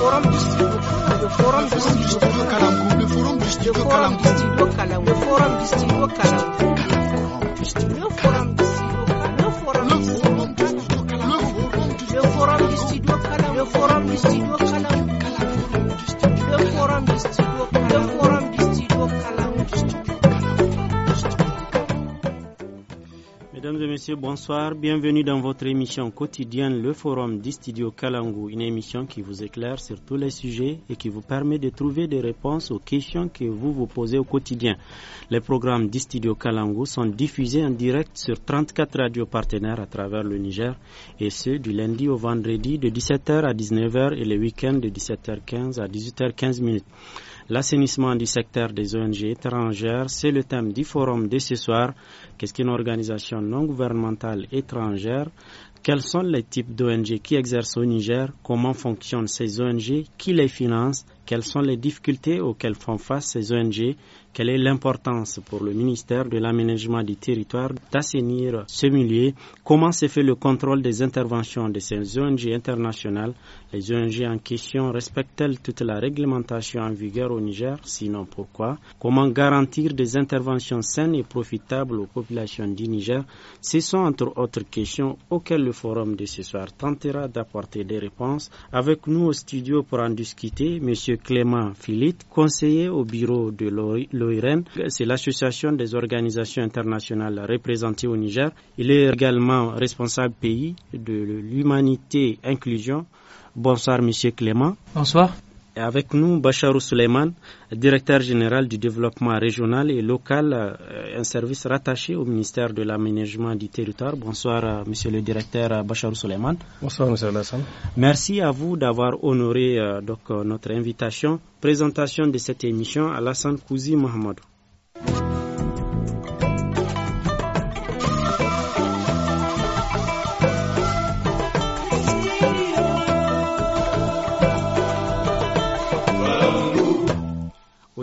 forum district the forum district kalangu the forum the forum the forum the forum the forum the forum Mesdames et messieurs, bonsoir. Bienvenue dans votre émission quotidienne Le Forum du Studio Kalangu, une émission qui vous éclaire sur tous les sujets et qui vous permet de trouver des réponses aux questions que vous vous posez au quotidien. Les programmes du Studio Kalangu sont diffusés en direct sur 34 radios partenaires à travers le Niger et ce, du lundi au vendredi de 17h à 19h et les week-ends de 17h15 à 18h15 minutes l'assainissement du secteur des ONG étrangères. C'est le thème du forum de ce soir. Qu'est-ce qu'une organisation non gouvernementale étrangère Quels sont les types d'ONG qui exercent au Niger Comment fonctionnent ces ONG Qui les finance Quelles sont les difficultés auxquelles font face ces ONG quelle est l'importance pour le ministère de l'aménagement du territoire d'assainir ce milieu, comment se fait le contrôle des interventions de ces ONG internationales, les ONG en question respectent-elles toute la réglementation en vigueur au Niger, sinon pourquoi, comment garantir des interventions saines et profitables aux populations du Niger, ce sont entre autres questions auxquelles le forum de ce soir tentera d'apporter des réponses. Avec nous au studio pour en discuter, M. Clément Philippe, conseiller au bureau de l'OIT c'est l'association des organisations internationales représentées au Niger. Il est également responsable pays de l'humanité inclusion. Bonsoir, Monsieur Clément. Bonsoir. Et avec nous, Bacharou Suleiman, directeur général du développement régional et local, euh, un service rattaché au ministère de l'aménagement du territoire. Bonsoir, euh, monsieur le directeur euh, Bacharou Suleiman. Bonsoir, monsieur Alassane. Merci à vous d'avoir honoré donc, notre invitation. Présentation de cette émission, à Alassane Kouzi Mohamedou.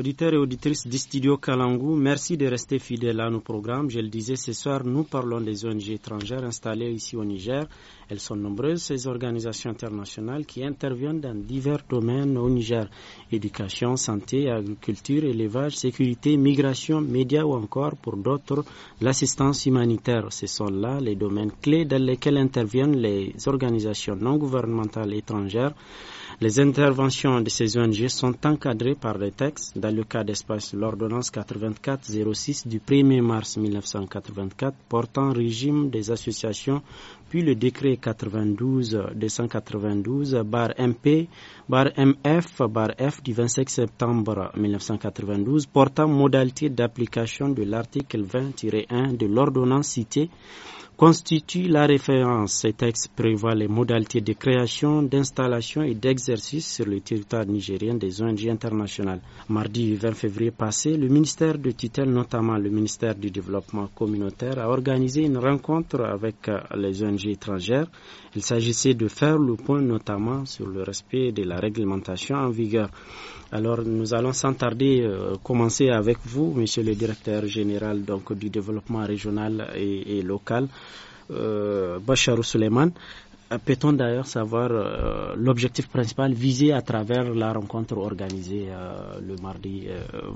auditeurs et auditrices du studio Kalangou, merci de rester fidèles à nos programmes. Je le disais ce soir, nous parlons des ONG étrangères installées ici au Niger elles sont nombreuses, ces organisations internationales qui interviennent dans divers domaines au Niger. Éducation, santé, agriculture, élevage, sécurité, migration, médias ou encore, pour d'autres, l'assistance humanitaire. Ce sont là les domaines clés dans lesquels interviennent les organisations non gouvernementales étrangères. Les interventions de ces ONG sont encadrées par des textes. Dans le cas d'espace, l'ordonnance 8406 du 1er mars 1984 portant régime des associations puis le décret 92 292 MP MF F du 25 septembre 1992 portant modalité d'application de l'article 20-1 de l'ordonnance citée constitue la référence. Ces textes prévoient les modalités de création, d'installation et d'exercice sur le territoire nigérien des ONG internationales. Mardi 20 février passé, le ministère de titel, notamment le ministère du Développement communautaire, a organisé une rencontre avec euh, les ONG étrangères. Il s'agissait de faire le point notamment sur le respect de la réglementation en vigueur. Alors nous allons sans tarder euh, commencer avec vous, Monsieur le Directeur général donc, du développement régional et local. Euh, Bacharou Suleiman. Euh, peut-on d'ailleurs savoir euh, l'objectif principal visé à travers la rencontre organisée le mardi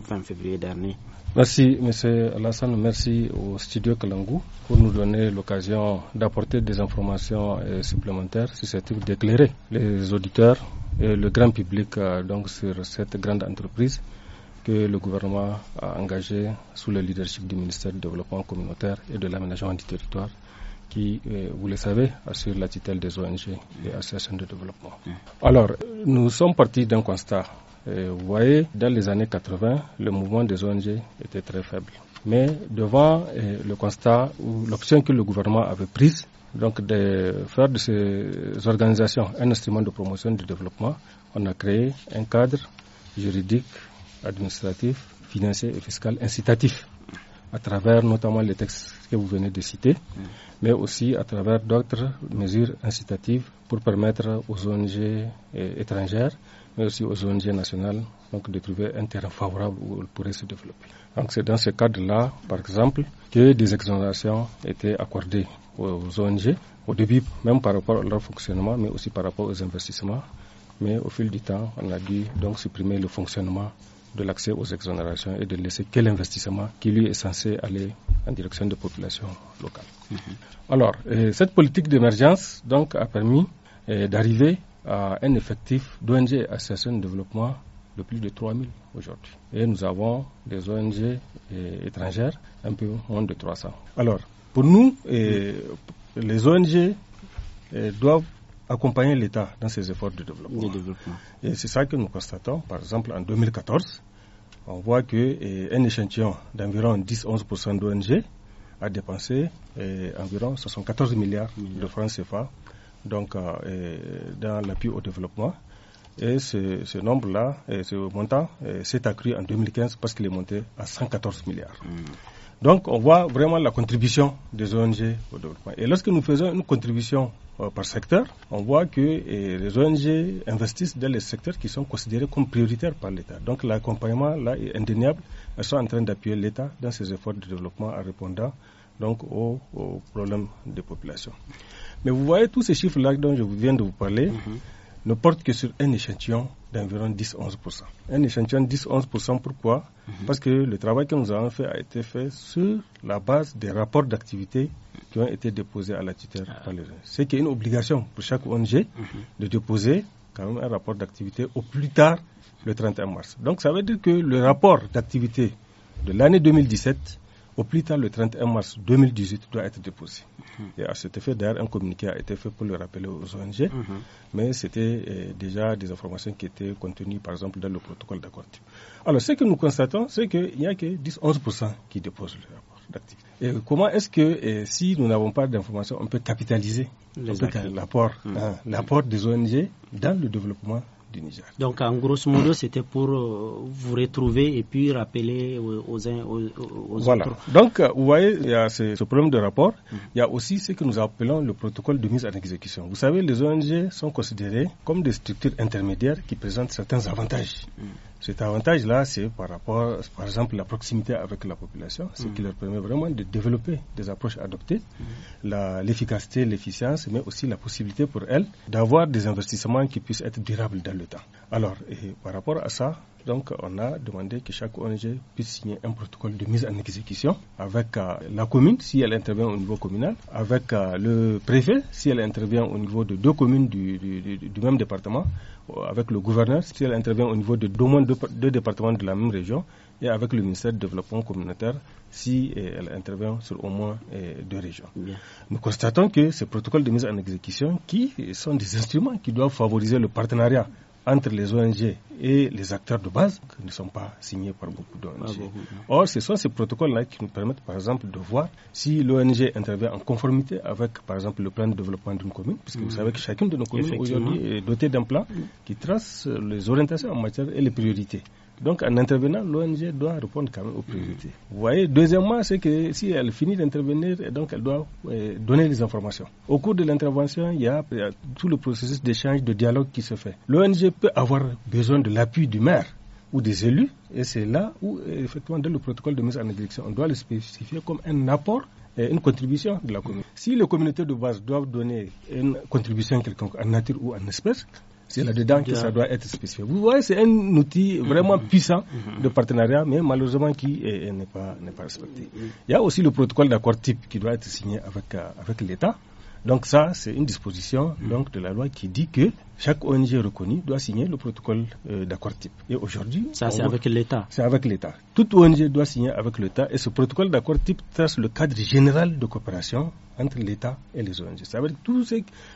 20 février dernier Merci M. Alassane, merci au studio Kalangou pour nous donner l'occasion d'apporter des informations supplémentaires susceptibles d'éclairer les auditeurs et le grand public donc sur cette grande entreprise que le gouvernement a engagée sous le leadership du ministère du Développement communautaire et de l'aménagement du territoire qui, euh, vous le savez, assure la tutelle des ONG et associations de développement. Alors, nous sommes partis d'un constat. Euh, vous voyez, dans les années 80, le mouvement des ONG était très faible. Mais devant euh, le constat ou l'option que le gouvernement avait prise, donc de faire de ces organisations un instrument de promotion du développement, on a créé un cadre juridique, administratif, financier et fiscal incitatif à travers notamment les textes que vous venez de citer mais aussi à travers d'autres mesures incitatives pour permettre aux ONG eh, étrangères, mais aussi aux ONG nationales, donc de trouver un terrain favorable où elles pourraient se développer. Donc c'est dans ce cadre-là, par exemple, que des exonérations étaient accordées aux ONG, au début même par rapport à leur fonctionnement, mais aussi par rapport aux investissements. Mais au fil du temps, on a dû donc supprimer le fonctionnement de l'accès aux exonérations et de laisser quel investissement qui lui est censé aller en direction de populations locales. Mhm. Alors, euh, cette politique d'émergence donc a permis euh, d'arriver à un effectif d'ONG Association de développement de plus de 3000 aujourd'hui. Et nous avons des ONG euh, étrangères, un peu moins de 300. Alors, pour nous, mhm. les ONG doivent accompagner l'État dans ses efforts de développement. Et c'est ça que nous constatons. Par exemple, en 2014, on voit qu'un eh, échantillon d'environ 10-11% d'ONG a dépensé eh, environ 74 milliards de francs CFA donc, euh, eh, dans l'appui au développement. Et ce, nombre-là, ce montant, s'est accru en 2015 parce qu'il est monté à 114 milliards. Mmh. Donc on voit vraiment la contribution des ONG au développement. Et lorsque nous faisons une contribution euh, par secteur, on voit que eh, les ONG investissent dans les secteurs qui sont considérés comme prioritaires par l'État. Donc l'accompagnement là est indéniable. Elles sont en train d'appuyer l'État dans ses efforts de développement en répondant donc aux, problèmes des populations. Mais vous voyez tous ces chiffres là dont je viens de vous parler mm-hmm. ne portent que sur un échantillon d'environ 10-11%. Un échantillon de 10-11%, pourquoi mhm. Parce que le travail que nous avons fait a été fait sur la base des rapports d'activité qui ont été déposés à la tutelle C'est qu'il y une obligation pour chaque ONG mhm. de déposer quand même un rapport d'activité au plus tard le 31 mars. Donc ça veut dire que le rapport d'activité de l'année 2017 au plus tard le 31 mars 2018 doit être déposé. Mhm. Et à cet effet, d'ailleurs, un communiqué a été fait pour le rappeler aux ONG, mhm. mais c'était euh, déjà des informations qui étaient contenues, par exemple, dans le protocole d'accord. Alors, ce que nous constatons, c'est qu'il n'y a que 10-11% qui déposent le rapport d'activité. Et comment est-ce que, euh, si nous n'avons pas d'informations, on peut capitaliser mhm. hein, l'apport des ONG dans le développement Niger. Donc, en grosso modo, c'était pour euh, vous retrouver et puis rappeler aux, aux, voilà. Donc, euh, vous voyez, il y a ce, problème de rapport. Mhm. Il y a aussi ce que nous appelons le protocole de mise en exécution. Vous savez, les ONG sont considérées comme des structures intermédiaires qui présentent certains avantages. Mhm. Cet avantage-là, c'est par rapport, par exemple, la proximité avec la population, ce qui mm. leur permet vraiment de développer des approches adoptées, mm. l'efficacité, l'efficience, mais aussi la possibilité pour elles d'avoir des investissements qui puissent être durables dans le temps. Alors, par rapport à ça, donc, on a demandé que chaque ONG puisse signer un protocole de mise en exécution avec euh, la commune, si elle intervient au niveau communal, avec euh, le préfet, si elle intervient au niveau de deux communes du même département, avec le gouverneur, si elle intervient au niveau de deux, départements de la même région, et avec le ministère du Développement communautaire, si eh, elle intervient sur au moins eh, deux régions. Nous constatons que ces protocoles de mise en exécution, qui sont des instruments qui doivent favoriser le partenariat entre les ONG et les acteurs de base qui ne sont pas signés par beaucoup d'ONG. Or, ce sont ces protocoles-là qui nous permettent, par exemple, de voir si l'ONG intervient en conformité avec, par exemple, le plan de développement d'une commune, puisque vous mm. savez que chacune de nos communes aujourd'hui est dotée d'un plan qui trace les orientations en matière et les priorités. Donc, en intervenant, l'ONG doit répondre quand même aux priorités. Mm-hmm. Vous voyez, deuxièmement, c'est que si elle finit d'intervenir, donc elle doit euh, donner les informations. Au cours de l'intervention, il, y a tout le processus d'échange, de dialogue qui se fait. L'ONG peut avoir besoin de l'appui du maire ou des élus, et c'est là où, euh, effectivement, dans le protocole de mise en direction, on doit le spécifier comme un apport et une contribution de la communauté. Si les communautés de base doivent donner une contribution quelconque en nature ou en espèce, c'est là-dedans que ça doit être spécifié. Vous voyez, c'est un outil vraiment puissant de partenariat, mais malheureusement qui n'est pas, pas respecté. Il y a aussi le protocole d'accord type qui doit être signé avec, euh, avec l'État. Donc ça, c'est une disposition mm. donc, de la loi qui dit que chaque ONG reconnue doit signer le protocole euh, d'accord type. Et aujourd'hui... Ça, c'est avec l'État. C'est avec l'État. Toute ONG doit signer avec l'État et ce protocole d'accord type trace le cadre général de coopération entre l'État et les ONG. Ça veut dire toutes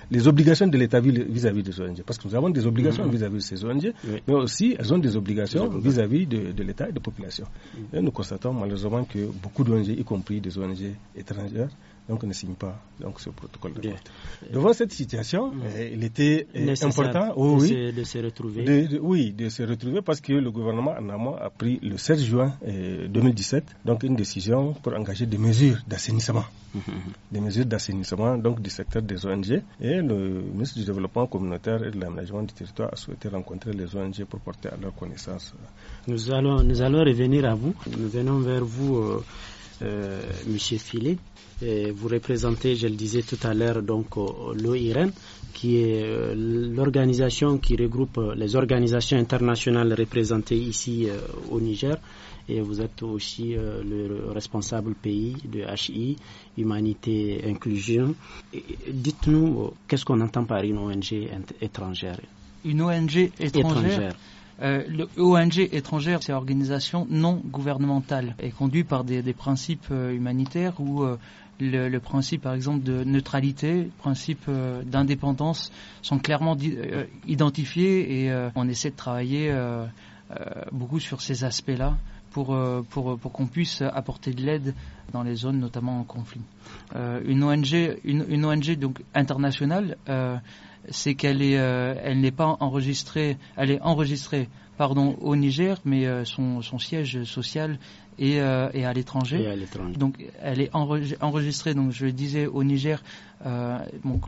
les obligations de l'État vis-à-vis des ONG. Parce que nous avons des obligations mm-hmm. vis-à-vis de ces ONG, mais aussi elles ont des obligations vis-à-vis de, l'État et de la population. Mm. Et nous constatons malheureusement que beaucoup d'ONG, y compris des ONG étrangères, donc ne signe pas donc, ce protocole Devant cette situation, mm. euh, il était euh, important oh, de, se, retrouver. oui, de se retrouver parce que le gouvernement en amont a pris le 16 juin 2017 euh, donc une décision pour engager des mesures d'assainissement. Mm-hmm. Des mesures d'assainissement donc du secteur des ONG. Et le ministre du Développement communautaire et de l'aménagement du territoire a souhaité rencontrer les ONG pour porter à leur connaissance. Nous allons, revenir à vous. Nous venons vers vous. Euh, Monsieur Fillet. vous représentez, je le disais tout à l'heure, donc euh, l'OIREN, qui est euh, l'organisation qui regroupe les organisations internationales représentées ici au Niger. Et vous êtes aussi le responsable pays de HI, Humanité Inclusion. Dites-nous, qu'est-ce qu'on entend par une ONG étrangère Une ONG étrangère. Euh, étrangère, c'est organisation non gouvernementale et conduite par des, des principes euh, humanitaires où euh, le, le, principe, par exemple, de neutralité, principe euh, d'indépendance sont clairement identifiés et on essaie de travailler beaucoup sur ces aspects-là pour, pour, pour qu'on puisse apporter de l'aide dans les zones notamment en conflit. Euh, une ONG, une, une, ONG donc internationale, euh, c'est qu'elle est, euh, elle n'est pas enregistrée, elle est enregistrée, pardon, au Niger, mais euh, son, son, siège social est, euh, est à l'étranger. Donc, elle est enregistrée. Donc, je le disais au Niger, donc,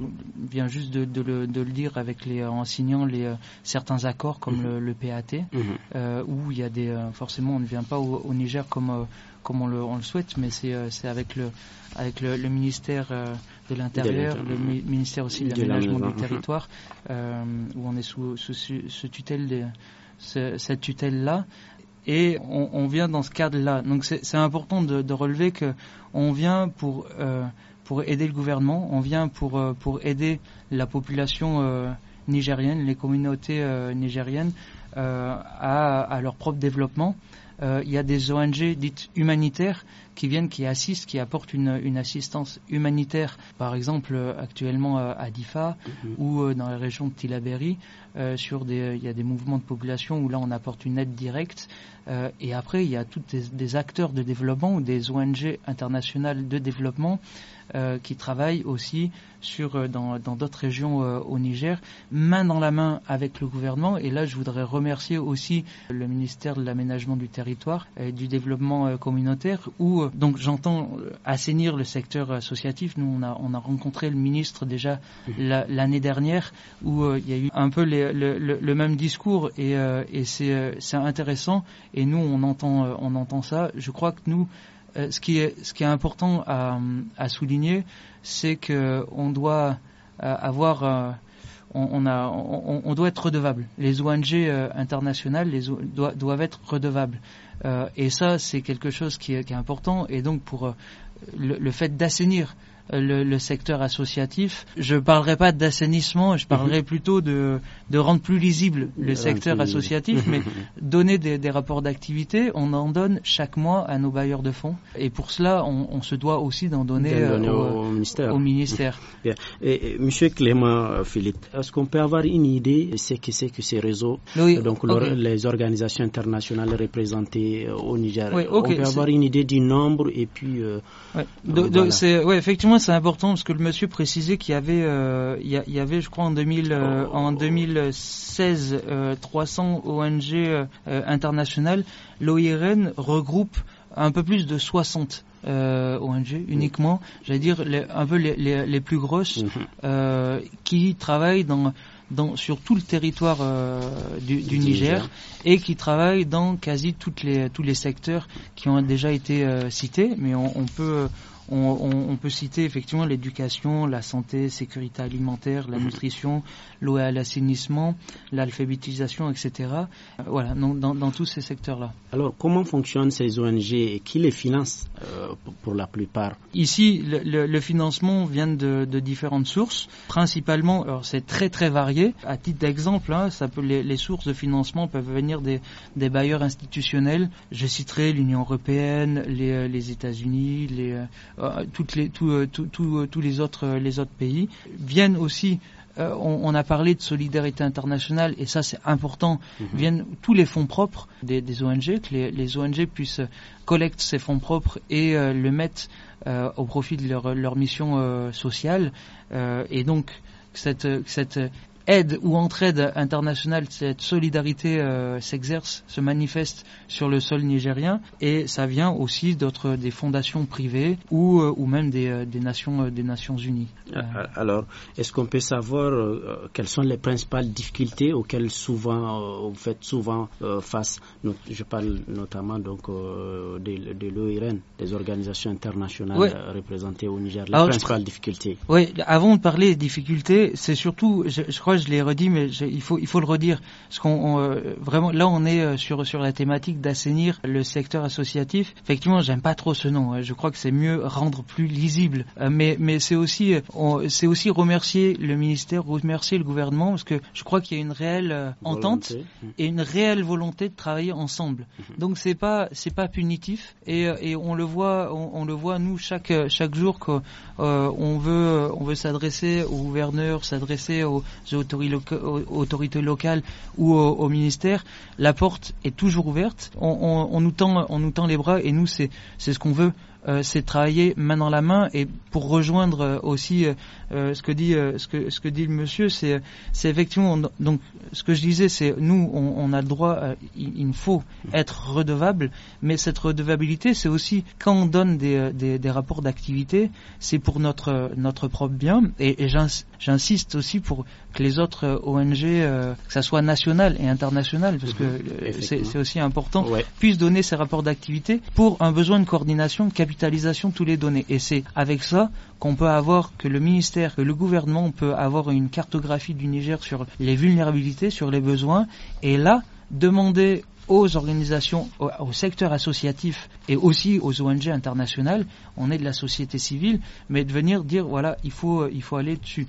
vient juste de, de, le, de, le, dire avec les, en signant les certains accords comme mm-hmm. le, le, PAT, mm-hmm. où il y a des, forcément, on ne vient pas au, Niger comme comme on le, on le, souhaite, mais c'est avec le, avec le, le ministère de l'Intérieur, le ministère aussi de l'aménagement du territoire, euh, où on est sous, tutelle de, cette tutelle-là. Et on, vient dans ce cadre-là. Donc c'est important de, relever que on vient euh, pour aider le gouvernement, on vient pour euh, aider la population nigérienne, les communautés nigériennes à, leur propre développement. il y a des ONG dites humanitaires qui viennent, qui assistent, qui apportent une, assistance humanitaire. Par exemple, euh, actuellement euh, à Difa mm-hmm. ou euh, dans la région de Tilaberi, sur des, il y a des mouvements de population où là on apporte une aide directe. et après, il y a tous des, acteurs de développement ou des ONG internationales de développement qui travaillent aussi sur, dans d'autres régions au Niger, main dans la main avec le gouvernement. Et là, je voudrais remercier aussi le ministère de l'aménagement du territoire et du développement communautaire où donc j'entends euh, assainir le secteur associatif. Nous, on a, rencontré le ministre déjà mhm. l'année dernière où euh, il y a eu un peu le, même discours et, euh, c'est intéressant. Et nous, on entend, on ça. Je crois que nous, ce qui est, important à, souligner, c'est qu'on doit avoir on, a, on, doit être redevable. Les ONG internationales doivent être redevables. Euh, et ça, c'est quelque chose qui est, important. Et donc, pour euh, le, le fait d'assainir euh, le, secteur associatif. Je parlerai pas d'assainissement, je parlerai mhm. plutôt de, de, rendre plus lisible le ah, secteur associatif, mais donner des, rapports d'activité, on en donne chaque mois à nos bailleurs de fonds. Et pour cela, on, se doit aussi d'en donner, euh, au, ministère. Et, Monsieur Clément euh, Philippe, est-ce qu'on peut avoir une idée de ce que c'est que ces réseaux, donc les organisations internationales représentées au Niger On peut avoir une idée du nombre et puis. effectivement c'est important parce que le monsieur précisait qu'il y avait, euh, il y, avait, je crois, en, 2016, 300 ONG internationales. L'OIRN regroupe un peu plus de 60 euh, ONG uniquement, j'allais dire un peu les, plus grosses mm-hmm. euh, qui travaillent sur tout le territoire du, Niger et qui travaillent dans quasi toutes les, tous les secteurs qui ont déjà été cités, mais on peut on, peut citer effectivement l'éducation, la santé, sécurité alimentaire, la mhm. nutrition, l'eau et l'assainissement, l'alphabétisation, etc. Euh, voilà, dans, dans, tous ces secteurs-là. Alors, comment fonctionnent ces ONG et qui les finance euh, pour la plupart Ici, le, financement vient de, différentes sources. Principalement, c'est très très varié. À titre d'exemple, hein, les, sources de financement peuvent venir des, bailleurs institutionnels. Je citerai l'Union européenne, les, euh, les États-Unis, les, euh, toutes les, euh, euh, tous les autres, les autres pays, viennent aussi on, a parlé de solidarité internationale et ça c'est important, mhm. viennent tous les fonds propres des, ONG, que les, ONG puissent collecter ces fonds propres et le mettre au profit de leur, leur mission sociale. et donc cette, cette aide ou entraide internationale, cette solidarité euh, s'exerce, se manifeste sur le sol nigérien et ça vient aussi d'autres des fondations privées ou, euh, ou même des, euh, nations des Nations Unies. Alors, est-ce qu'on peut savoir quelles sont les principales difficultés auxquelles souvent vous faites souvent face Je parle notamment donc de, l'OIRN, des organisations internationales représentées au Niger. Les principales difficultés. Oui, avant de parler des difficultés, c'est surtout, je crois je l'ai redit, mais il faut, il faut le redire. Parce qu'on, euh, vraiment, là, on est euh, sur, sur la thématique d'assainir le secteur associatif. Effectivement, j'aime pas trop ce nom. Hein. Je crois que c'est mieux rendre plus lisible. Euh, mais, mais c'est aussi, c'est aussi remercier le ministère, remercier le gouvernement, parce que je crois qu'il y a une réelle entente mmh. et une réelle volonté de travailler ensemble. Mmh. Donc c'est pas, c'est pas punitif. Et, on le voit, on, le voit nous chaque, chaque jour qu'on veut, on veut s'adresser au gouverneur, s'adresser aux autorités locales ou au, ministère, la porte est toujours ouverte. nous tend, on nous tend les bras et nous, c'est ce qu'on veut. Euh, c'est travailler main dans la main et pour rejoindre euh, aussi euh, ce que dit ce que ce que dit le monsieur, c'est c'est effectivement donc ce que je disais, c'est nous on, on, a le droit, il, il, faut être redevable, mais cette redevabilité, c'est aussi quand on donne des, des, des rapports d'activité, c'est pour notre notre propre bien et, j'insiste aussi pour que les autres ONG, que ça soit national et international, parce que mhm. c'est aussi important, puissent donner ces rapports d'activité pour un besoin de coordination, capitalisation tous les données. Et c'est avec ça qu'on peut avoir, que le ministère, que le gouvernement peut avoir une cartographie du Niger sur les vulnérabilités, sur les besoins. Et là, demander aux organisations, au, secteur associatif et aussi aux ONG internationales, on est de la société civile, mais de venir dire voilà, il faut, euh, il faut aller dessus.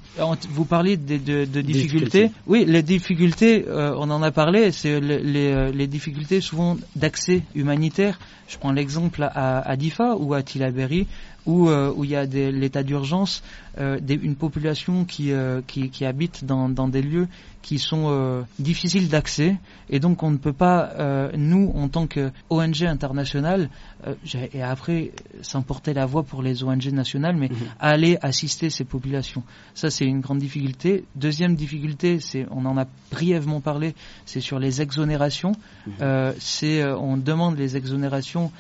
Vous parlez de, difficultés. Oui, les difficultés, euh, on en a parlé, c'est euh, les, difficultés souvent d'accès humanitaire. Je prends l'exemple à, Difa ou à Tilaberi où, où il y a l'état d'urgence, euh, une population qui, euh, qui, qui habite dans, dans, des lieux qui sont euh, difficiles d'accès et donc on ne peut pas, euh, nous en tant qu'ONG internationale, et après s'emporter la voix pour les ONG nationales, mais mhm. aller assister ces populations. Ça c'est une grande difficulté. Deuxième difficulté, c'est on en a brièvement parlé, c'est sur les exonérations. Mhm. c'est on demande les exonérations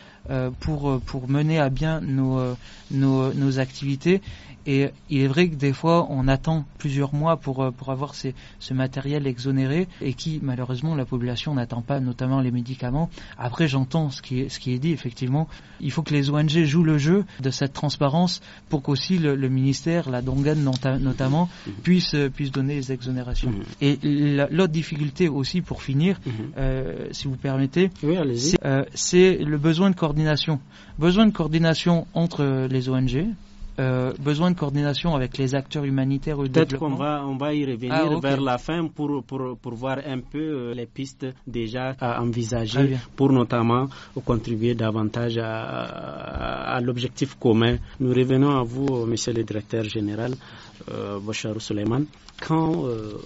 pour, pour mener à bien nos, nos, nos activités. Et il est vrai que des fois, on attend plusieurs mois pour, euh, avoir ce matériel exonéré et qui, malheureusement, la population n'attend pas, notamment les médicaments. Après, j'entends ce qui, est, dit, effectivement. Il faut que les ONG jouent le jeu de cette transparence pour qu'aussi le, ministère, la Dongan notamment, euh, puisse, donner les exonérations. Mmh. Et l'autre difficulté aussi, pour finir, mmh. euh, si vous permettez, c'est le besoin de coordination. Besoin de coordination entre les ONG, euh, besoin de coordination avec les acteurs humanitaires au Peut-être qu'on va, on va y revenir ah, vers la fin pour, pour, pour, voir un peu euh, les pistes déjà à envisager pour notamment contribuer davantage à, à l'objectif commun. Nous revenons à vous, euh, monsieur le directeur général euh, Soleiman, quand euh,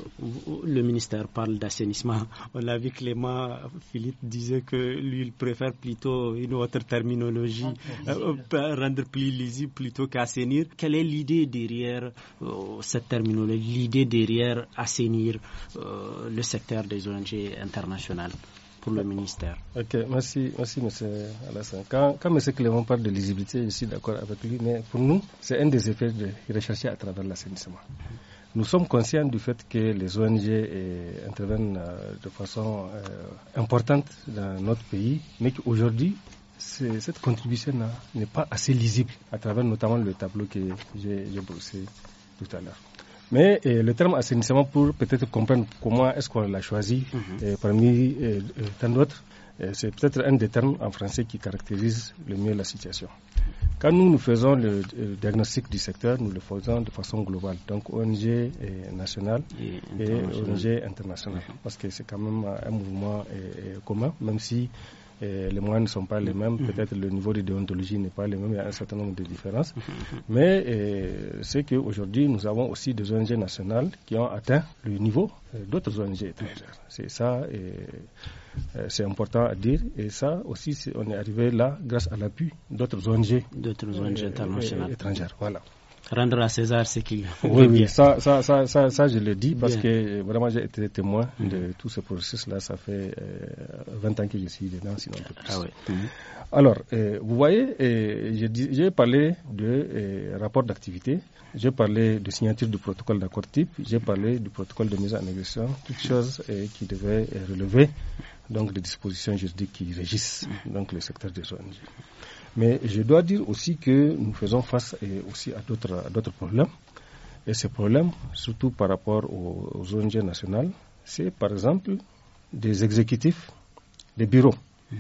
le ministère parle d'assainissement, on a vu Clément Philippe disait que lui, il préfère plutôt une autre terminologie, rendre plus euh, lisible plutôt qu'assainir. Quelle est l'idée derrière euh, cette terminologie, l'idée derrière assainir le secteur des ONG internationales le ministère. Ok, merci, M. Alassane. Quand, M. Clément parle de lisibilité, je suis d'accord avec lui, mais pour nous, c'est un des effets recherchés à travers l'assainissement. Nous sommes conscients du fait que les ONG eh, interviennent euh, de façon euh, importante dans notre pays, mais qu'aujourd'hui, cette contribution n'est pas assez lisible à travers notamment le tableau que j'ai brossé tout à l'heure. Mais euh, le terme assainissement, pour peut-être comprendre comment est-ce qu'on l'a choisi mhm. euh, parmi euh, tant d'autres, c'est peut-être un des termes en français qui caractérise le mieux la situation. Quand nous, nous faisons le, diagnostic du secteur, nous le faisons de façon globale, donc ONG nationale et, ONG internationale, mhm. parce que c'est quand même un mouvement commun, même si les moyens ne sont pas les mm-hmm. mêmes, mm-hmm. peut-être le niveau de déontologie n'est pas le même, il y a un certain nombre de différences. Mm-hmm. Mais euh, c'est qu'aujourd'hui, nous avons aussi des ONG nationales qui ont atteint le niveau euh, d'autres ONG étrangères. C'est ça, euh, c'est important à dire. Et ça aussi, on est arrivé là grâce à l'appui d'autres ONG, d'autres ONG internationales. étrangères. Voilà rendre à César ce qu'il Oui, oui, ça, ça, ça, ça, je le dis parce que euh, vraiment j'ai été témoin mm. de tout ce processus-là. Ça fait 20 euh, ans que je suis dedans, sinon un peu plus. Ah oui. Mm. Alors, euh, vous voyez, j'ai parlé de rapport d'activité, j'ai parlé de signature du protocole d'accord type, j'ai parlé du protocole de mise en négociation, toutes choses qui devaient relever donc des dispositions juridiques qui régissent mm. donc le secteur des ONG. Mais je dois dire aussi que nous faisons face aussi à d'autres problèmes. Et ces problèmes, surtout par rapport aux, ONG nationales, c'est par exemple des exécutifs, des bureaux, mmh.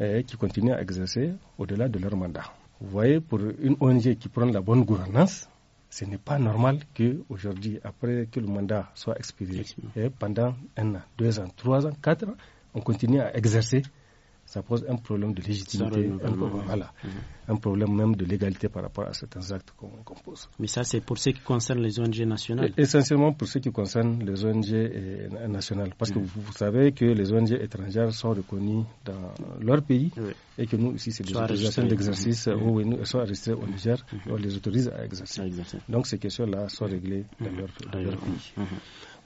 eh, qui continuent à exercer au-delà de leur mandat. Vous voyez, pour une ONG qui prend la bonne gouvernance, ce n'est pas normal qu'aujourd'hui, après que le mandat soit expiré, eh, pendant un an, deux ans, trois ans, quatre ans, on continue à exercer ça pose un problème de légitimité, mhm. un problème, même de légalité par rapport à certains actes qu'on pose. Mais ça, c'est pour ce qui concerne les ONG nationales Essentiellement pour ce qui concerne les ONG eh, nationales. Parce que mhm. vous, savez que les ONG étrangères sont reconnues dans leur pays et que nous, ici, c'est des autorisations d'exercice euh, où oui. Mhm. nous sont au Niger, on les autorise à exercer. Donc ces questions-là sont réglées dans leur pays.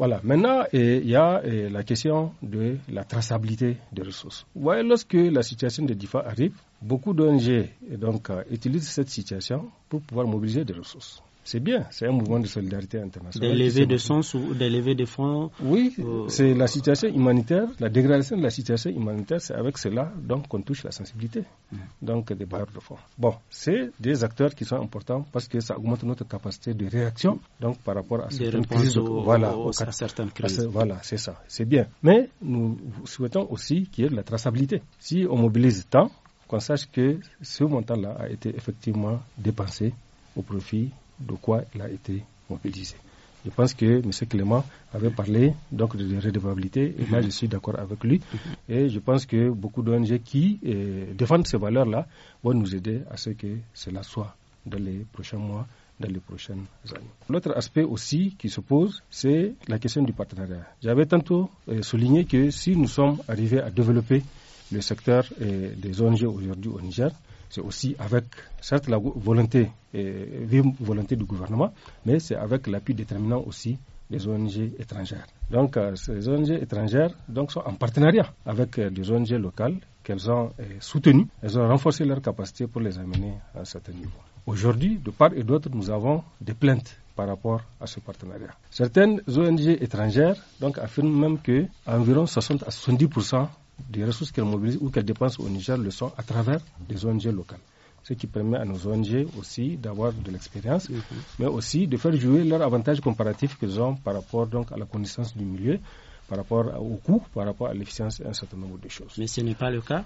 Voilà. Maintenant, il y a la question de la traçabilité des ressources. Vous voyez, lorsque la situation de DIFA arrive, beaucoup d'ONG euh, utilisent cette situation pour pouvoir mobiliser des ressources. C'est bien, c'est un mouvement de solidarité internationale. D'élever de sens ou des de fonds Oui, euh, c'est la situation humanitaire, la dégradation de la situation humanitaire, c'est avec cela donc qu'on touche la sensibilité, mm. donc des barres de fonds. Bon, c'est des acteurs qui sont importants parce que ça augmente notre capacité de réaction, donc par rapport à certaines crises. voilà, à certaines crises. voilà, c'est ça, c'est bien. Mais nous souhaitons aussi qu'il y ait de la traçabilité. Si on mobilise tant, qu'on sache que ce montant-là a été effectivement dépensé au profit de quoi il a été mobilisé. Je pense que M. Clément avait parlé donc de redevabilité et là je suis d'accord avec lui. Et je pense que beaucoup d'ONG qui eh, défendent ces valeurs-là vont nous aider à ce que cela soit dans les prochains mois, dans les prochaines années. L'autre aspect aussi qui se pose, c'est la question du partenariat. J'avais tantôt eh, souligné que si nous sommes arrivés à développer le secteur eh, des ONG aujourd'hui au Niger, c'est aussi avec, certes, la volonté, euh, volonté du gouvernement, mais c'est avec l'appui déterminant aussi des ONG étrangères. Donc, euh, ces ONG étrangères donc, sont en partenariat avec des euh, ONG locales qu'elles ont soutenues. Elles ont renforcé leurs capacités pour les amener à un certain niveau. Aujourd'hui, de part et d'autre, nous avons des plaintes par rapport à ce partenariat. Certaines ONG étrangères donc, affirment même que environ 60 à 70% des ressources qu'elles mobilisent ou qu'elles dépensent au Niger le sont à travers des ONG locales. Ce qui permet à nos ONG aussi d'avoir de l'expérience, mm-hmm. mais aussi de faire jouer leur avantage comparatif qu'ils ont par rapport donc à la connaissance du milieu, par rapport au coût, par rapport à l'efficience et un certain nombre de choses. Mais ce n'est pas le cas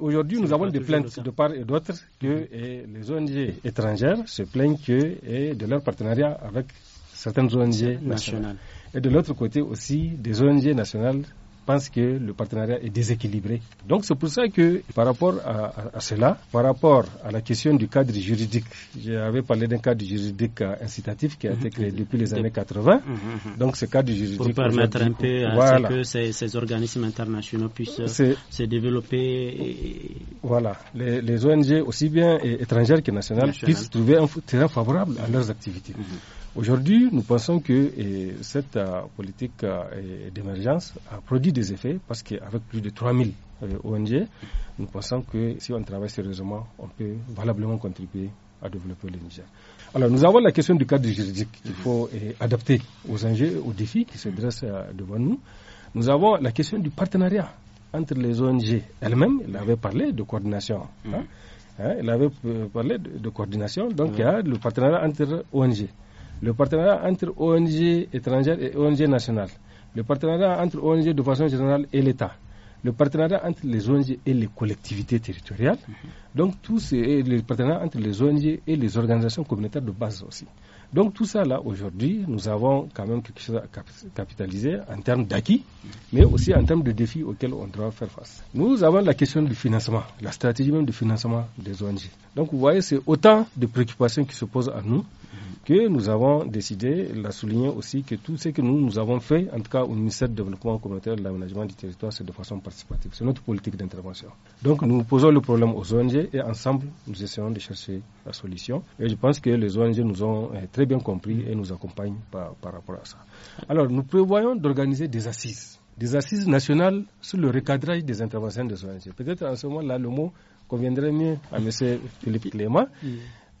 Aujourd'hui, nous avons des plaintes de part et d'autre que mm-hmm. les ONG étrangères se plaignent que et de leur partenariat avec certaines ONG nationales. Et de l'autre côté aussi, des ONG nationales pense que le partenariat est déséquilibré. Donc c'est pour ça que par rapport à, cela, par rapport à la question du cadre juridique, j'avais parlé d'un cadre juridique euh, incitatif qui a été créé mhm. depuis les années 80. Mhm, mhm, Donc ce cadre juridique... Pour permettre un peu à ce que ces, organismes internationaux puissent euh, se développer. Voilà. Les, ONG, aussi bien étrangères que nationales, puissent trouver un terrain favorable à leurs activités. Aujourd'hui, nous pensons que eh, cette euh, politique euh, eh, d'émergence a produit des effets parce qu'avec plus de 3000 euh, ONG, nous pensons que si on travaille sérieusement, on peut valablement contribuer à développer le Niger. Alors, nous avons la question du cadre juridique qu'il faut eh, adapter aux enjeux, aux défis qui se dressent devant nous. Nous avons la question du partenariat entre les ONG elles-mêmes. elle avait parlé de coordination. Hein. Mm-hmm. Hein, elle avait parlé de coordination. Donc, mm-hmm. il y a le partenariat entre ONG le partenariat entre ONG étrangères et ONG nationales, le partenariat entre ONG de façon générale et l'État, le partenariat entre les ONG et les collectivités territoriales, mhm. donc tout ce le partenariat entre les ONG et les organisations communautaires de base aussi. Donc tout ça là aujourd'hui, nous avons quand même quelque chose à capitaliser en termes d'acquis, mais aussi en termes de défis auxquels on doit faire face. Nous avons la question du financement, la stratégie même du financement des ONG. Donc vous voyez, c'est autant de préoccupations qui se posent à nous que nous avons décidé, l'a souligner aussi, que tout ce que nous, nous avons fait, en tout cas au ministère du Développement communautaire et de l'aménagement du territoire, c'est de façon participative. C'est notre politique d'intervention. Donc nous posons le problème aux ONG et ensemble, nous essayons de chercher la solution. Et je pense que les ONG nous ont euh, très bien compris et nous accompagnent par, rapport à ça. Alors nous prévoyons d'organiser des assises des assises nationales sur le recadrage des interventions des ONG. Peut-être en ce moment-là, le mot conviendrait mieux à M. Philippe Clément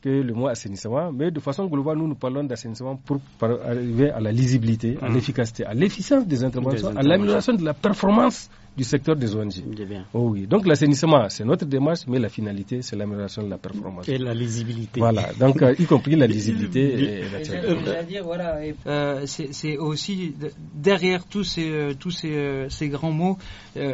que le mot assainissement, mais de façon globale, nous, nous parlons d'assainissement pour arriver à la lisibilité, à mmh. l'efficacité, à l'efficience des interventions. à l'amélioration de la performance du secteur des ONG. Oh oui. Donc l'assainissement, c'est notre démarche, mais la finalité, c'est l'amélioration de la performance. Et la lisibilité. Voilà, donc euh, y compris la lisibilité. Euh, euh, c'est aussi derrière tous ces, tous ces, grands mots,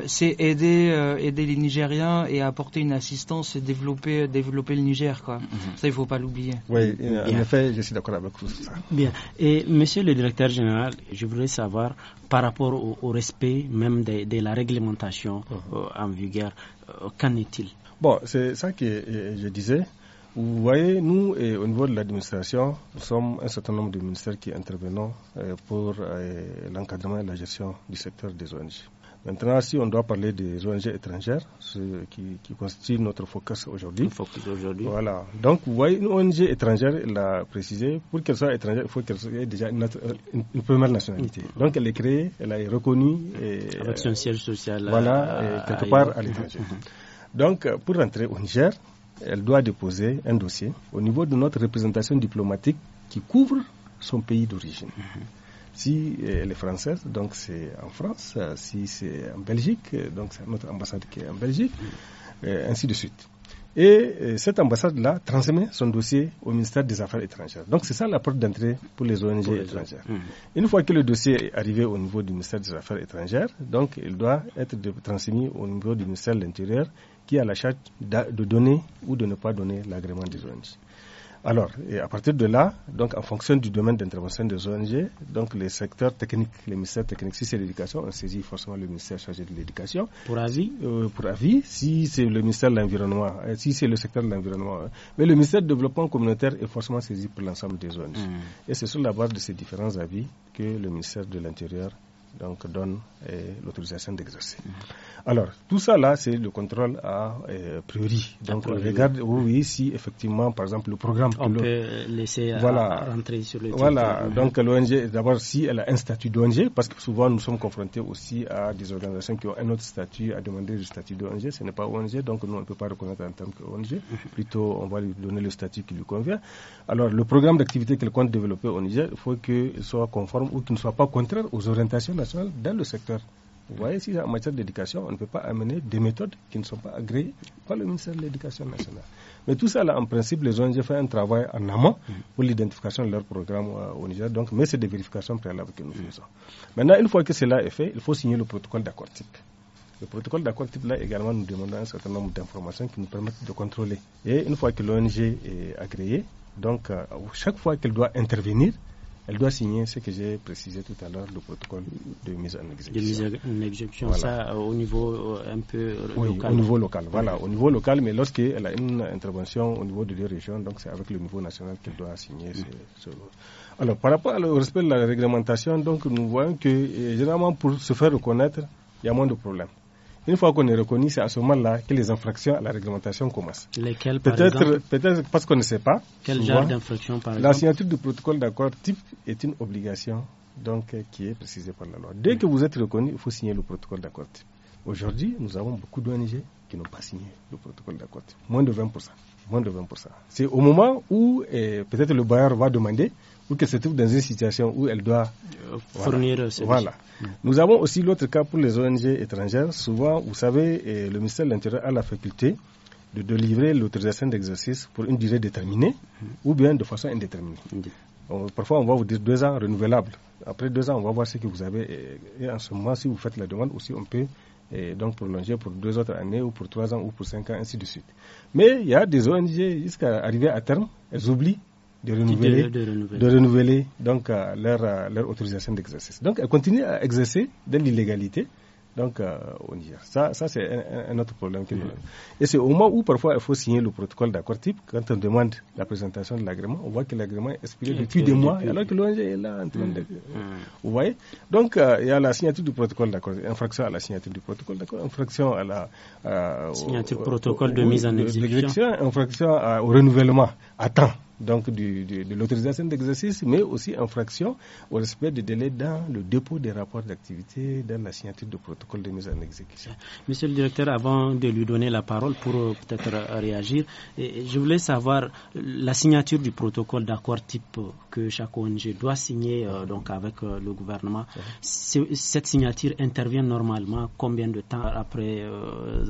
c'est aider, les Nigériens et apporter une assistance et développer, le Niger. Mhm. Ça, il ne faut pas l'oublier. Oui, en effet, je suis d'accord avec vous Bien. Et monsieur le directeur général, je voudrais savoir par rapport au, respect même de, la réglementation mhm. euh, en vigueur. Euh, qu'en est-il Bon, c'est ça que je disais. Vous voyez, nous, au niveau de l'administration, nous sommes un certain nombre de ministères qui intervenons euh, pour l'encadrement et la gestion du secteur des ONG. Maintenant, si on doit parler des ONG étrangères, ce qui, qui constitue notre focus aujourd'hui. focus aujourd'hui. Voilà. Donc, vous voyez, une ONG étrangère, elle l'a précisé, pour qu'elle soit étrangère, il faut qu'elle ait déjà une, première nationalité. Donc, elle est créée, elle est reconnue. Avec son siège social. Voilà, et quelque part à l'étranger. Donc, pour rentrer au Niger, elle doit déposer un dossier au niveau de notre représentation diplomatique qui couvre son pays d'origine. Mhm. Si elle euh, est française, donc c'est en France. Euh, si c'est en Belgique, euh, donc c'est notre ambassade qui est en Belgique, ainsi de suite. Et cette ambassade-là transmet son dossier au ministère des Affaires étrangères. Donc c'est ça la porte d'entrée pour les ONG étrangères. Hmm. Une fois que le dossier est arrivé au niveau du ministère des Affaires étrangères, donc il doit être transmis au niveau du ministère de l'Intérieur qui a la charge de donner ou de ne pas donner l'agrément des ONG. Alors, à partir de là, donc en fonction du domaine d'intervention des ONG, donc les secteurs techniques, les ministères techniques, si c'est l'éducation, on saisit forcément le ministère chargé de l'éducation. Pour avis euh, Pour avis, si c'est le ministère de l'Environnement, euh, si c'est le secteur de l'Environnement. Euh. Mais le ministère de Développement communautaire est forcément saisi pour l'ensemble des ONG. Hmm. Et c'est sur la base de ces différents avis que le ministère de l'Intérieur donc donne euh, l'autorisation d'exercer. Mm-hmm. Alors, tout ça là, c'est le contrôle à euh, priori. Donc, on regarde, oui. voyez, si effectivement, par exemple, le programme. On peut laisser rentrer sur le Voilà, mm-hmm. donc l'ONG, d'abord, si elle a un statut d'ONG, parce que souvent nous sommes confrontés aussi à des organisations qui ont un autre statut, à demander le statut d'ONG, ce n'est pas ONG, donc nous, on ne peut pas reconnaître en tant qu'ONG. Mm-hmm. Plutôt, on va lui donner le statut qui lui convient. Alors, le programme d'activité qu'elle compte développer ONG il faut qu'il soit conforme ou qu'il ne soit pas contraire aux orientations dans le secteur. Vous voyez, si en matière d'éducation, on ne peut pas amener des méthodes qui ne sont pas agréées par le ministère de l'Éducation nationale. Mais tout ça, là, en principe, les ONG font un travail en amont pour l'identification de leur programme euh, au Niger. Donc, mais c'est des vérifications préalables que nous faisons. Maintenant, une fois que cela est fait, il faut signer le protocole d'accord type. Le protocole d'accord type, là, également, nous demande un certain nombre d'informations qui nous permettent de contrôler. Et une fois que l'ONG est agréée, donc, euh, chaque fois qu'elle doit intervenir, elle doit signer ce que j'ai précisé tout à l'heure, le protocole de mise en exécution. De mise en exécution, ça euh, au niveau euh, un peu euh, local. au niveau local, voilà, au niveau local, mais lorsqu'elle a une intervention au niveau de deux régions, donc c'est avec le niveau national qu'elle doit signer ce, Alors, par rapport au respect de la réglementation, donc nous voyons que, généralement, pour se faire reconnaître, il y a moins de problèmes. Une fois qu'on est reconnu, c'est à ce moment-là que les infractions à la réglementation commencent. Lesquelles, peut-être, Peut-être parce qu'on ne sait pas. Quel genre d'infraction, par exemple La signature du protocole d'accord type est une obligation donc, euh, qui est précisée par la loi. Dès mm. que vous êtes reconnu, il faut signer le protocole d'accord type. Aujourd'hui, nous avons beaucoup d'ONG qui n'ont pas signé le protocole d'accord type. Moins de 20%. Moins de 20%. C'est au moment où euh, peut-être le bailleur va demander ou qu'elle se trouve dans une situation où elle doit euh, fournir voilà. voilà. Nous avons aussi l'autre cas pour les ONG étrangères. Souvent, vous savez, euh, le ministère de l'Intérieur a la faculté de délivrer l'autorisation d'exercice pour une durée déterminée ou bien de façon indéterminée. parfois, on va vous dire deux ans renouvelables. Après deux ans, on va voir ce que vous avez. Euh, et, en ce moment, si vous faites la demande aussi, on peut donc prolonger pour deux autres années ou pour trois ans ou pour cinq ans, ainsi de suite. Mais il y a des ONG, jusqu'à arriver à terme, elles oublient de renouveler, de, renouveler. donc, euh, leur, euh, leur autorisation d'exercice. Donc, elles continuent à exercer de l'illégalité donc euh, au Niger. Ça, ça c'est un, autre problème. Que Et c'est au moment où parfois il faut signer le protocole d'accord type, quand on demande la présentation de l'agrément, on voit que l'agrément est expiré depuis des mois, alors que l'ONG est là en train de... Hmm. Hmm. Vous voyez Donc il y a la signature du protocole d'accord, infraction à la signature du protocole d'accord, infraction à la... signature au, protocole de mise en exécution. Infraction au renouvellement à temps donc de l'autorisation d'exercice, mais aussi en fraction au respect des délais dans le dépôt des rapports d'activité, dans la signature du protocole de mise en exécution. Monsieur le directeur, avant de lui donner la parole pour euh, peut-être euh, réagir, je voulais savoir la signature du protocole d'accord type euh, que chaque ONG doit signer avec le gouvernement. Cette signature intervient normalement combien de temps après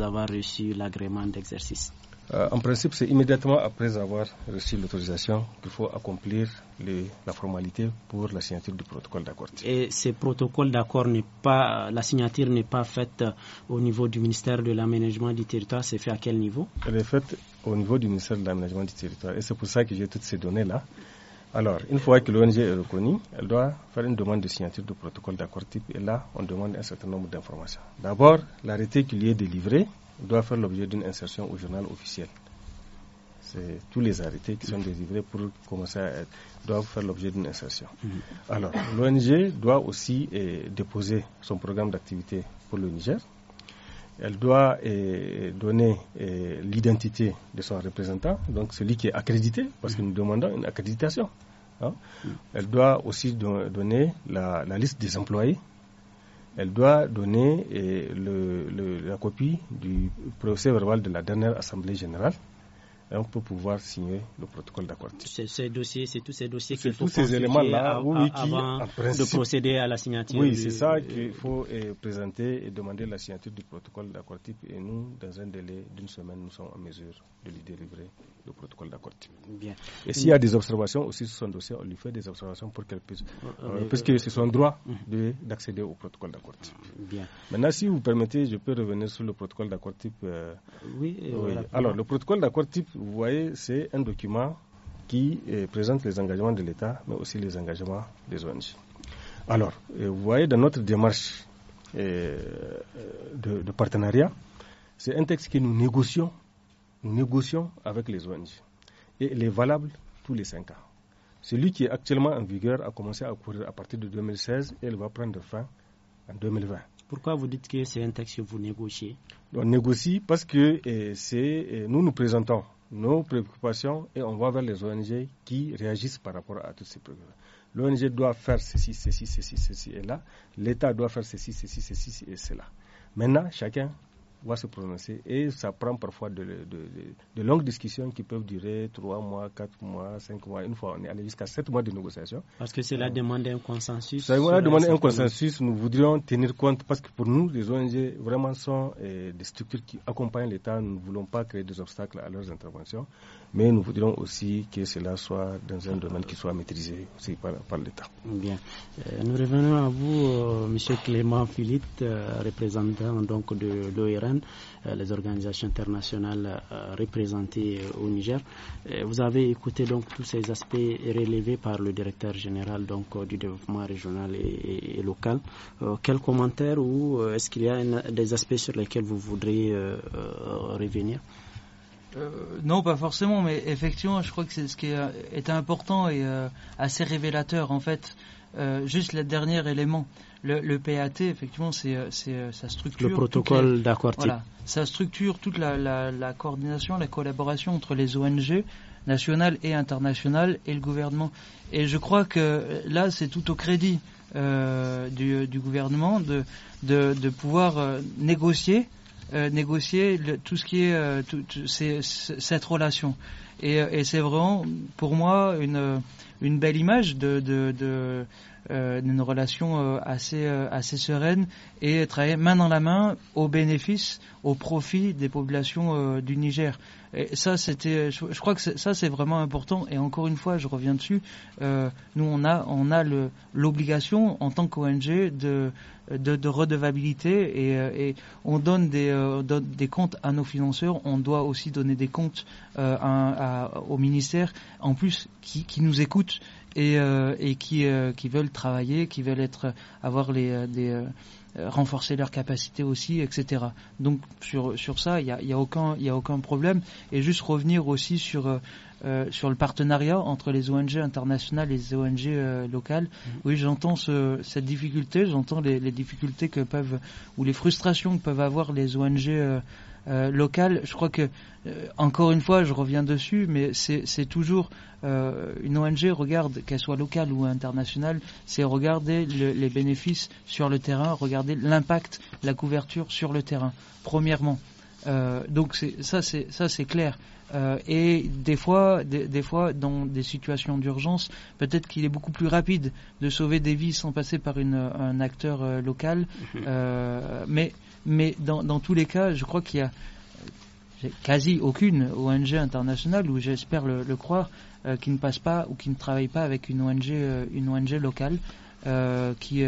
avoir reçu l'agrément d'exercice euh, en principe, c'est immédiatement après avoir reçu l'autorisation qu'il faut accomplir la formalité pour la signature du protocole d'accord. Et ce protocole d'accord, pas, la signature n'est pas faite euh, au niveau du ministère de l'aménagement du territoire, c'est fait à quel niveau Elle est faite au niveau du ministère de l'aménagement du territoire et c'est pour ça que j'ai toutes ces données-là. Alors, une fois que l'ONG est reconnue, elle doit faire une demande de signature du protocole d'accord type et là, on demande un certain nombre d'informations. D'abord, l'arrêté qui lui est délivré, doit faire l'objet d'une insertion au journal officiel. C'est tous les arrêtés qui sont mm-hmm. délivrés pour commencer à être, doivent faire l'objet d'une insertion. Mm-hmm. Alors, l'ONG doit aussi eh, déposer son programme d'activité pour le Niger. Elle doit eh, donner eh, l'identité de son représentant, donc celui qui est accrédité, parce que mm-hmm. nous demandons une accréditation. Hein. Elle doit aussi donner la liste des employés elle doit donner eh, la copie du procès verbal de la dernière Assemblée générale on peut pouvoir signer le protocole d'accord. Ces dossiers, c'est tous ces dossiers qu'il faut tous ces éléments-là, oui, de procéder à la signature. Oui, c'est ça qu'il faut eh, présenter et demander la signature du protocole d'accord type. Et nous, dans un délai d'une semaine, nous sommes en mesure de lui délivrer le protocole d'accord type. Bien. Et s'il y a des observations aussi sur son dossier, on lui fait des observations pour qu'elle puisse, euh, euh, euh, parce que c'est son droit d'accéder au protocole d'accord type. Bien. Maintenant, si vous permettez, je peux revenir sur le protocole d'accord type. oui. oui. Alors, le protocole d'accord type, vous voyez, c'est un document qui eh, présente les engagements de l'État, mais aussi les engagements des ONG. Alors, eh, vous voyez, dans notre démarche eh, de, partenariat, c'est un texte que nous négocions, négocions avec les ONG. Et il est valable tous les cinq ans. Celui qui est actuellement en vigueur a commencé à courir à partir de 2016 et il va prendre fin en 2020. Pourquoi vous dites que c'est un texte que vous négociez On négocie parce que nous nous présentons nos préoccupations et on va vers les ONG qui réagissent par rapport à toutes ces préoccupations. L'ONG doit faire ceci, ceci, ceci, ceci et là. L'État doit faire ceci, ceci, ceci et cela. Maintenant, chacun va se prononcer et ça prend parfois de, longues discussions qui peuvent durer 3 mois, 4 mois, 5 mois, une fois on est allé jusqu'à 7 mois de négociation. Parce que cela euh, demande un consensus. demande un consensus, nous voudrions tenir compte parce que pour nous, les ONG vraiment sont euh, des structures qui accompagnent l'État, nous ne voulons pas créer des obstacles à leurs interventions, mais nous voudrions aussi que cela soit dans un domaine qui soit maîtrisé aussi par, l'État. Bien. Euh, nous revenons à vous, M. Clément Philippe, représentant donc de l'ORM euh, les organisations internationales euh, représentées euh, au Niger. vous avez écouté donc tous ces aspects relevés par le directeur général donc, du développement régional et, local. quel commentaire ou est-ce qu'il y a des aspects sur lesquels vous voudriez revenir non, pas forcément, mais effectivement, je crois que c'est ce qui est, important et assez révélateur en fait euh, juste le dernier élément, le, PAT, effectivement, c'est euh, euh, sa structure. Le protocole Voilà, ça structure toute la, coordination, la collaboration entre les ONG nationales et internationales et le gouvernement. Et je crois que là, c'est tout au crédit du, gouvernement de, pouvoir négocier négocier tout ce qui est, cette relation. Euh, et, c'est vraiment, pour moi, une, euh, belle image de, euh, relation assez, assez sereine et travailler main dans la main au bénéfice, au profit des populations du Niger. Et ça, c'était, je, crois que ça, c'est vraiment important. Et encore une fois, je reviens dessus. Euh, nous, on a, on a l'obligation en tant qu'ONG de, de, de, redevabilité et, euh, on donne des, euh, des, comptes à nos financeurs. On doit aussi donner des comptes euh, au ministère, en plus, qui, qui nous écoute et, euh, et qui, euh, qui veulent travailler, qui veulent être, avoir les, euh, renforcer leurs capacités aussi, etc. Donc sur, sur ça, il n'y a, y a, aucun, y a aucun problème. Et juste revenir aussi sur, sur le partenariat entre les ONG internationales et les ONG locales. Mm-hmm. Oui, j'entends ce, cette difficulté, j'entends les, les, difficultés que peuvent, ou les frustrations que peuvent avoir les ONG. Euh, local. je crois que, euh, encore une fois, je reviens dessus, mais c'est toujours euh, une ONG, regarde, qu'elle soit locale ou internationale, c'est regarder les bénéfices sur le terrain, regarder l'impact, la couverture sur le terrain, premièrement. donc ça, c'est clair. et des fois, des, fois, dans des situations d'urgence, peut-être qu'il est beaucoup plus rapide de sauver des vies sans passer par un acteur local. Mmh. mais mais dans, dans tous les cas, je crois qu'il y a quasi aucune ONG internationale, ou j'espère le, croire, euh, qui ne passe pas ou qui ne travaille pas avec une ONG, euh, une ONG locale euh, qui,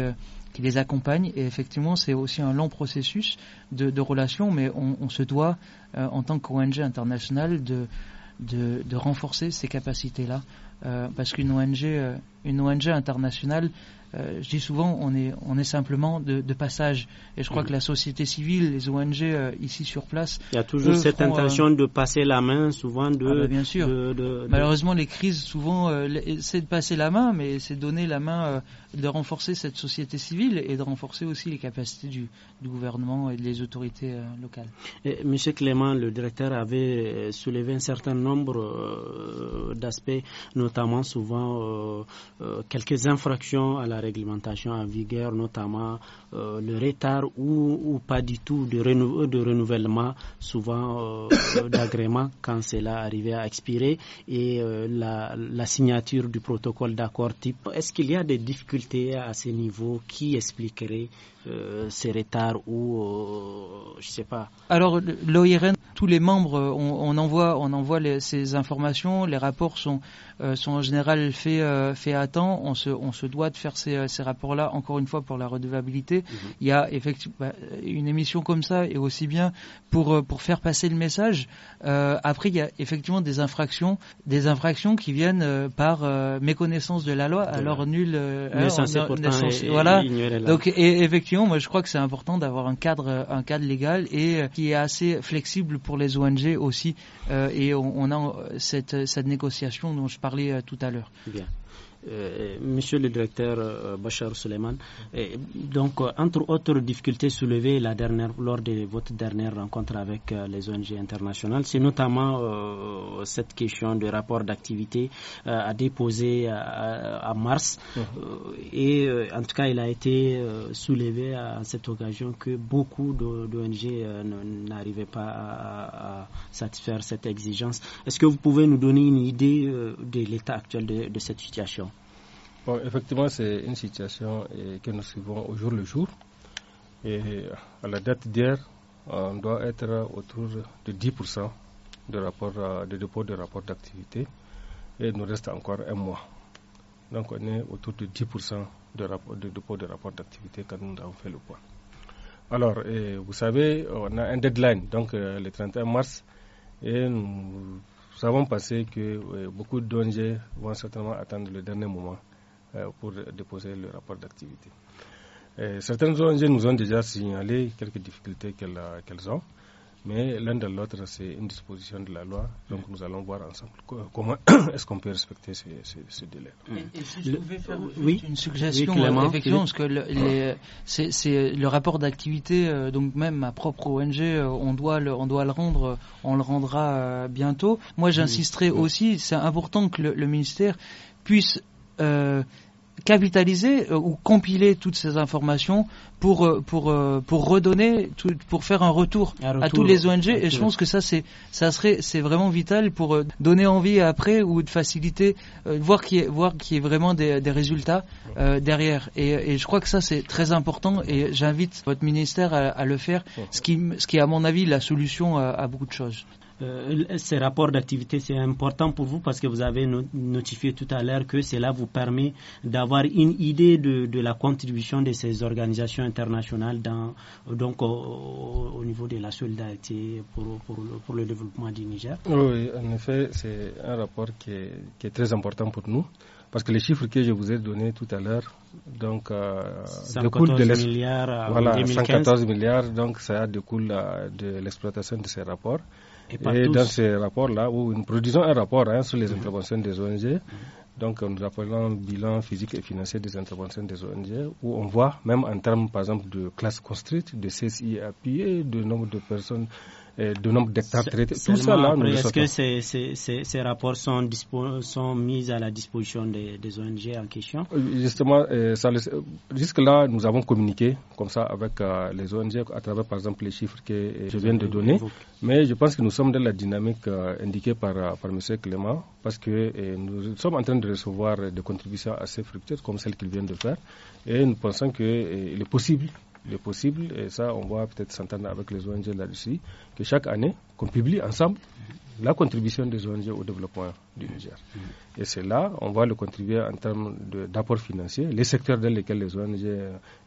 qui, les accompagne. Et effectivement, c'est aussi un long processus de, relations, mais on, se doit, en tant qu'ONG internationale, de, de, de, renforcer ces capacités-là. parce qu'une ONG une ONG internationale, euh, je dis souvent, on est, on est simplement de, passage. Et je crois que la société civile, les ONG euh, ici sur place. Il y a toujours cette euh, intention de passer la main, souvent de. Ah bah, bien sûr. De, Malheureusement, les crises, souvent, c'est de passer la main, mais c'est donner la main, de renforcer cette société civile et de renforcer aussi les capacités du, gouvernement et des autorités locales. Et, Monsieur Clément, le directeur avait soulevé un certain nombre d'aspects, notamment souvent euh, quelques infractions à la réglementation en vigueur, notamment euh, le retard ou, pas du tout de, euh, de renouvellement, souvent d'agrément quand cela arrivait à expirer, et la, la, signature du protocole d'accord type. Est-ce qu'il y a des difficultés à ce niveau qui expliqueraient euh, ces retards ou euh, je sais pas. Alors l'OIRN, tous les membres, euh, on, envoie, on envoie ces informations, les rapports sont, sont en général faits fait à temps. On se, on se doit de faire ces, ces rapports-là. Encore une fois pour la redevabilité, mhm. il y a effectivement bah, une émission comme ça et aussi bien pour pour faire passer le message. après, il y a effectivement des infractions, des infractions qui viennent par méconnaissance de la loi. Alors nul, voilà. Donc et, effectivement moi je crois que c'est important d'avoir un cadre, un cadre légal et euh, qui est assez flexible pour les ONG aussi. Euh, et on, a euh, cette, négociation dont je parlais tout à l'heure. Euh, monsieur le directeur euh, Bachar Soleiman. Euh, donc entre autres difficultés soulevées la dernière, lors de votre dernière rencontre avec les ONG internationales, c'est notamment cette question de rapport d'activité à déposer à, mars. Mhm. et en tout cas, il a été soulevé à cette occasion que beaucoup d'ONG n'arrivaient pas à, satisfaire cette exigence. Est-ce que vous pouvez nous donner une idée de l'état actuel de cette situation effectivement, c'est une situation eh, que nous suivons au jour le jour. Et à la date d'hier, on doit être autour de 10% de, rapport, euh, de dépôt de rapport d'activité. Et il nous reste encore un mois. Donc on est autour de 10% de, rapport, de dépôt de rapport d'activité quand nous avons fait le point. Alors, eh, vous savez, on a un deadline, donc euh, le 31 mars, et nous avons passé que eh, beaucoup de d'ONG vont certainement attendre le dernier moment euh, pour déposer le rapport d'activité. Euh, certaines ONG nous ont déjà signalé quelques difficultés euh, qu'elles ont, mais l'un de l'autre, c'est une disposition de la loi. Donc nous allons voir ensemble comment est-ce qu'on peut respecter ce, délai. Et, je pouvais faire oui, une suggestion, oui, parce que le, le rapport d'activité, donc même ma propre ONG, on doit le, on doit le rendre, on le rendra bientôt. Moi, j'insisterai aussi, c'est important que le ministère puisse euh, capitaliser euh, ou compiler toutes ces informations pour euh, pour pour redonner tout, pour faire un retour, à tous les ONG et je pense que ça c'est ça serait c'est vraiment vital pour donner envie après ou de faciliter voir qu'il y ait voir qu'il y vraiment des, des résultats derrière et, et, je crois que ça c'est très important et j'invite votre ministère à, à, le faire ce qui ce qui est à mon avis la solution à beaucoup de choses euh, ces rapports d'activité, c'est important pour vous parce que vous avez notifié tout à l'heure que cela vous permet d'avoir une idée de, de, la contribution de ces organisations internationales dans, donc, au, niveau de la solidarité pour, pour, pour le développement du Niger. Oui, en effet, c'est un rapport qui est, qui est très important pour nous parce que les chiffres que je vous ai donnés tout à l'heure, donc euh, 114 de milliards, euh, voilà, 114 milliards, donc ça découle euh, de l'exploitation de ces rapports. Et, dans ces rapports-là, où nous produisons un rapport hein, sur les interventions des ONG, donc nous appelons bilan physique et financier des interventions des ONG, où on voit, même en termes par exemple de classes construites, de CSI appuyées, de nombre de personnes de nombre d'hectares traités. Tout ça, Est-ce que ces, ces, rapports sont, sont, mis à la disposition des, ONG en question euh, Justement, euh, euh, jusque-là, nous avons communiqué comme ça avec les ONG à travers, par exemple, les chiffres que je viens de donner. Mais je pense que nous sommes dans la dynamique indiquée par, par M. Clément parce que nous sommes en train de recevoir des contributions assez fructueuses comme celles qu'il vient de faire et nous pensons qu'il est possible le possible, et ça on voit peut-être s'entendre avec les ONG là-dessus, que chaque année qu'on publie ensemble la contribution des ONG au développement du Niger. Et c'est là, on va le contribuer en termes d'apport financier, les secteurs dans lesquels les ONG,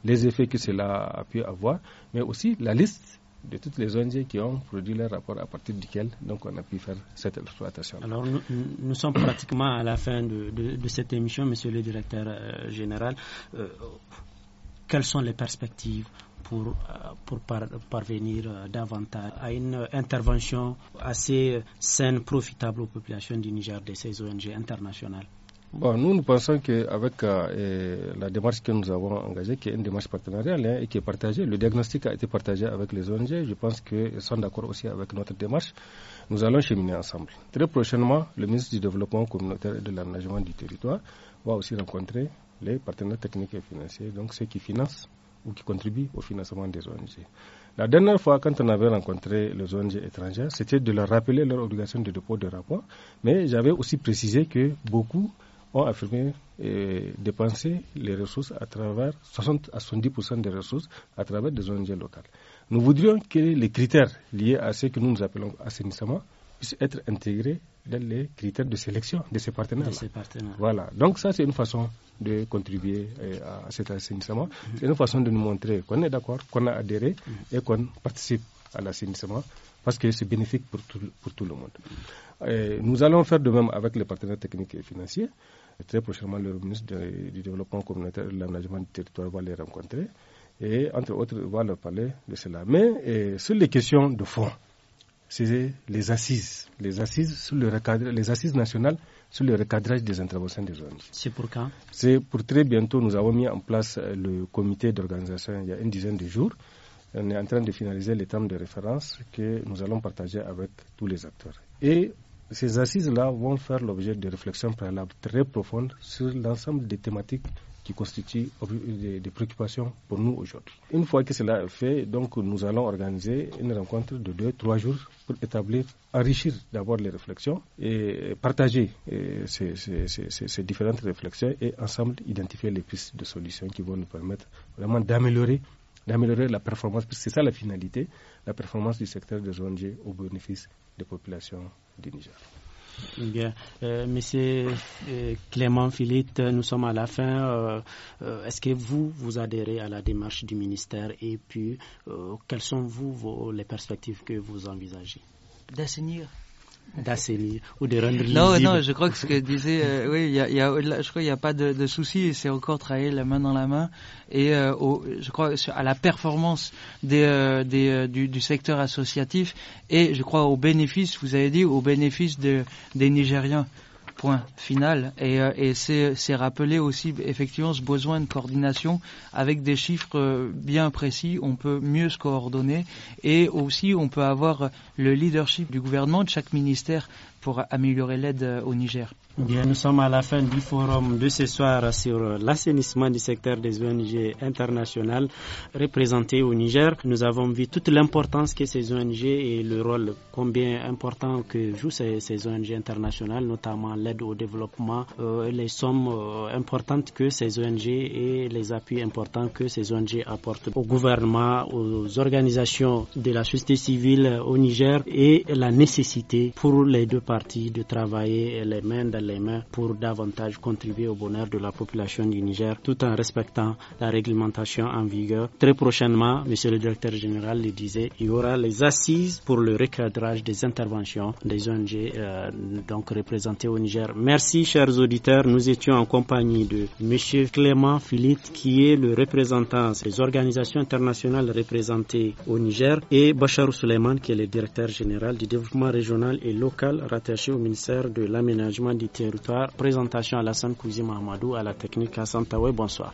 les effets que cela a pu avoir, mais aussi la liste de toutes les ONG qui ont produit leur rapport à partir duquel donc on a pu faire cette exploitation. Alors nous, sommes pratiquement à la fin de, cette émission, Monsieur le Directeur euh, général. Euh, quelles sont les perspectives pour, euh, parvenir euh, davantage à une euh, intervention assez saine, profitable aux populations du Niger de ces ONG internationales nous, nous pensons qu'avec la démarche que nous avons engagée, qui est une démarche partenariale hein, et qui est partagée, le diagnostic a été partagé avec les ONG. Je pense qu'ils sont d'accord aussi avec notre démarche. Nous allons cheminer ensemble. Très prochainement, le ministre du Développement communautaire et de l'aménagement du territoire va aussi rencontrer les partenaires techniques et financiers, donc ceux qui financent ou qui contribuent au financement des ONG. La dernière fois, quand on avait rencontré les ONG étrangères, c'était de leur rappeler leur obligation de dépôt de rapport, mais j'avais aussi précisé que beaucoup ont affirmé dépenser les ressources à travers 60 à 70% des ressources à travers des ONG locales. Nous voudrions que les critères liés à ce que nous, nous appelons assainissement puissent être intégrés dans les critères de sélection de ces partenaires. De Voilà. Donc ça, c'est une façon de contribuer euh, à cet assainissement. Mm-hmm. C'est une façon de nous montrer qu'on est d'accord, qu'on a adhéré mm-hmm. et qu'on participe à l'assainissement parce que c'est bénéfique pour tout, pour tout, le monde. nous allons faire de même avec les partenaires techniques et financiers. très prochainement, le ministre du Développement communautaire et de l'aménagement du territoire va les rencontrer et, entre autres, va leur parler de cela. Mais euh, sur les questions de fond, c'est les assises. Les assises, sur le les assises nationales sur le recadrage des interventions des ONG. C'est pour quand C'est pour très bientôt. Nous avons mis en place euh, le comité d'organisation il y a une dizaine de jours. On est en train de finaliser les termes de référence que nous allons partager avec tous les acteurs. Et ces assises-là vont faire l'objet de réflexions préalables très profondes sur l'ensemble des thématiques constitue des, préoccupations pour nous aujourd'hui. Une fois que cela est fait, donc nous allons organiser une rencontre de deux, trois jours pour établir, enrichir d'abord les réflexions et partager euh, ces, différentes réflexions et ensemble identifier les pistes de solutions qui vont nous permettre vraiment d'améliorer d'améliorer la performance, parce que c'est ça la finalité, la performance du secteur des ONG au bénéfice des populations du Niger. Bien. Euh, monsieur euh, Clément Philippe, nous sommes à la fin. Euh, est-ce que vous, vous adhérez à la démarche du ministère et puis quelles sont vous les perspectives que vous envisagez d'assainir ou de rendre non, Non, je crois que ce que disait, euh, oui, il y a, je crois qu'il n'y a pas de, de souci, c'est encore travailler la main dans la main et euh, au, je crois à la performance des, euh, des, du, du, secteur associatif et je crois au bénéfice, vous avez dit, au bénéfice de, des Nigériens point final. Et, euh, c'est rappeler aussi effectivement ce besoin de coordination avec des chiffres euh, bien précis. On peut mieux se coordonner et aussi on peut avoir le leadership du gouvernement, de chaque ministère pour améliorer l'aide euh, au Niger eh Bien, nous sommes à la fin du forum de ce soir sur l'assainissement du secteur des ONG internationales représentées au Niger. Nous avons vu toute l'importance que ces ONG et le rôle combien important que jouent ces, ONG internationales, notamment l'aide au développement, euh, les sommes euh, importantes que ces ONG et les appuis importants que ces ONG apportent au gouvernement, aux organisations de la société civile au Niger et la nécessité pour les deux parti de travailler les mains dans les mains pour davantage contribuer au bonheur de la population du Niger tout en respectant la réglementation en vigueur. Très prochainement, Monsieur le Directeur Général le disait, il y aura les assises pour le recadrage des interventions des ONG euh, donc représentées au Niger. Merci chers auditeurs, nous étions en compagnie de Monsieur Clément Philippe qui est le représentant des organisations internationales représentées au Niger et Bachar Suleiman qui est le Directeur Général du développement régional et local attaché au ministère de l'Aménagement du Territoire. Présentation à la sainte Cousine Mahamadou, à la technique à Santaoué. Bonsoir.